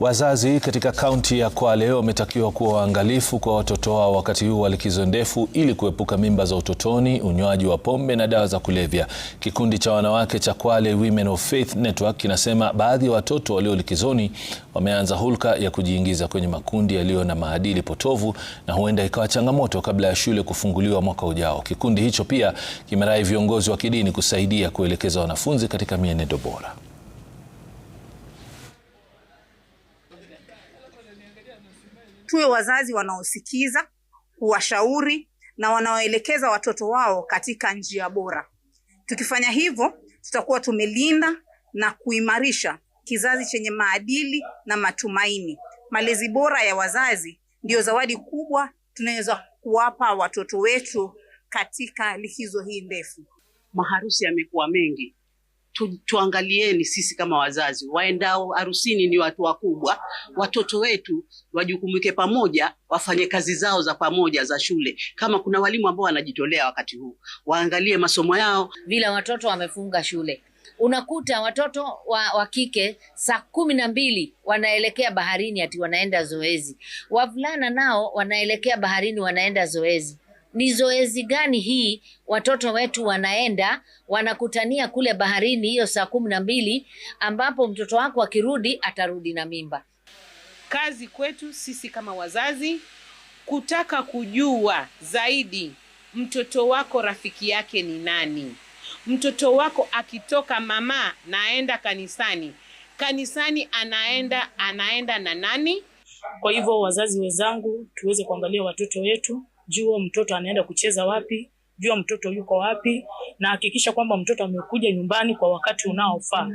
Wazazi katika kaunti ya Kwale wametakiwa kuwa waangalifu kwa watoto wao wakati huu wa likizo ndefu ili kuepuka mimba za utotoni, unywaji wa pombe na dawa za kulevya. Kikundi cha wanawake cha Kwale Women of Faith Network kinasema baadhi ya watoto walio likizoni wameanza hulka ya kujiingiza kwenye makundi yaliyo na maadili potovu na huenda ikawa changamoto kabla ya shule kufunguliwa mwaka ujao. Kikundi hicho pia kimerai viongozi wa kidini kusaidia kuelekeza wanafunzi katika mienendo bora. Tuwe wazazi wanaosikiza, kuwashauri na wanaoelekeza watoto wao katika njia bora. Tukifanya hivyo, tutakuwa tumelinda na kuimarisha kizazi chenye maadili na matumaini. Malezi bora ya wazazi ndiyo zawadi kubwa tunaweza kuwapa watoto wetu katika likizo hii ndefu. Maharusi yamekuwa mengi tu, tuangalieni sisi kama wazazi, waendao harusini ni watu wakubwa, watoto wetu wajukumuke pamoja, wafanye kazi zao za pamoja za shule. Kama kuna walimu ambao wanajitolea wakati huu, waangalie masomo yao. Vile watoto wamefunga shule, unakuta watoto wa, wa kike saa kumi na mbili wanaelekea baharini, ati wanaenda zoezi. Wavulana nao wanaelekea baharini, wanaenda zoezi ni zoezi gani hii watoto wetu wanaenda wanakutania kule baharini hiyo saa kumi na mbili ambapo mtoto wako akirudi atarudi na mimba. Kazi kwetu sisi kama wazazi kutaka kujua zaidi mtoto wako rafiki yake ni nani. Mtoto wako akitoka mama naenda kanisani, kanisani anaenda anaenda na nani? Kwa hivyo wazazi wenzangu, tuweze kuangalia watoto wetu jua mtoto anaenda kucheza wapi, jua mtoto yuko wapi, na hakikisha kwamba mtoto amekuja nyumbani kwa wakati unaofaa.